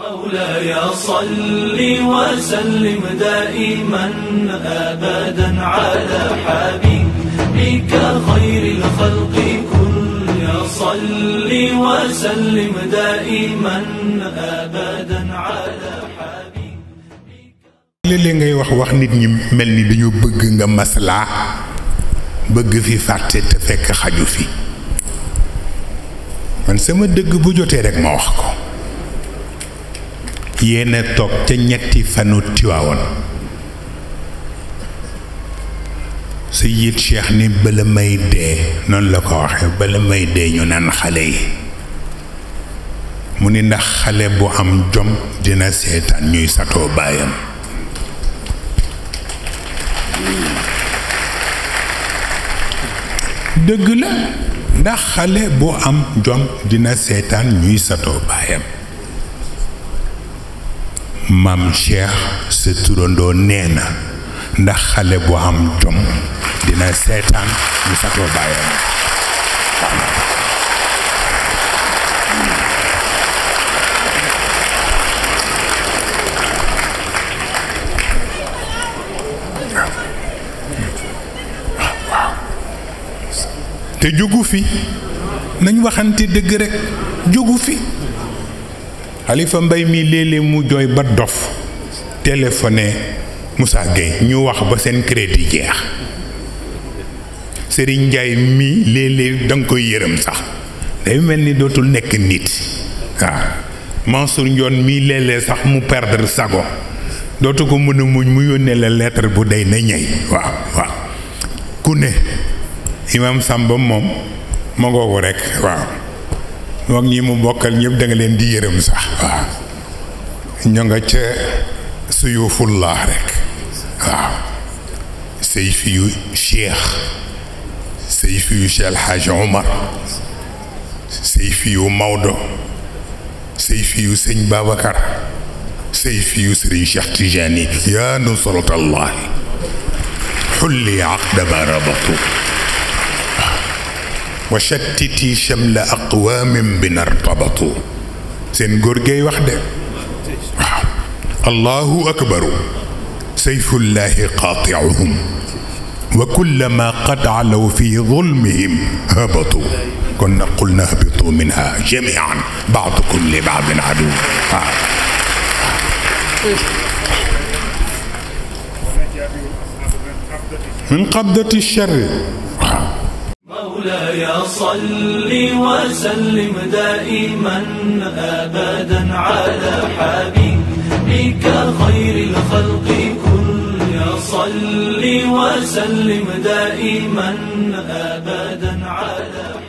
مولاي صل وسلم دائما ابدا على حبيبك خير الخلق كل يا صل وسلم دائما ابدا على ngay wax wax nit ñi melni ni dañu bëgg nga masla bëgg fi faté te fekk xaju fi man sama dëgg bu joté rek ma wax ko yéen toog ca ñetti fanu Tiwaawoon Sayyid Cheikh ni bala may dee noonu la ko waxee bala may dee ñu naan xale yi mu ni ndax xale bu am jom dina seetaan ñuy satoo baayam dëgg la ndax xale bu am jom dina seetaan ñuy satoo baayam mam Cheikh sa turandoo nee na ndax xale bu am jom dina seetaan ñu satoo bàyyam te jógu fi nañ waxante dëgg rekk jógu fi Xalifa Mbay mi léeg-léeg mu jooy ba dof téléphoné Moussa Gueye ñu wax ba seen crédit jeex Serigne Ndiaye mi léeg-léeg da koy yërëm sax day mel ni dootul nekk nit waaw Mansour Ndione mii léeg-léeg sax mu perdre sago dootu ko mën a muñ mu yónnee la lettre bu day na ñey waaw ku ne imam Samba moom ma ngoogu rekk waaw moom ñi mu bokkal ñëpp danga leen di yërëm sax ñoo nga ca suyuufullah rek waaw sayfi yu cheikh sayfi yu alxaaj omar sayfi yu maodo sayfi yu sëñ babacar sayfi yu sëriñ cheikh tijaani yaa nusratallahi xulli aqda ma rabatu وشتتي شمل أقوام بنا ارتبطوا سين جورجي وحده الله أكبر سيف الله قاطعهم وكلما قد علوا في ظلمهم هبطوا كنا قلنا اهبطوا منها جميعا بعضكم لبعض عدو من قبضة الشر مولاي صل وسلم دائما أبدا على حبيبك خير الخلق كل صل وسلم دائما أبدا على حبيبك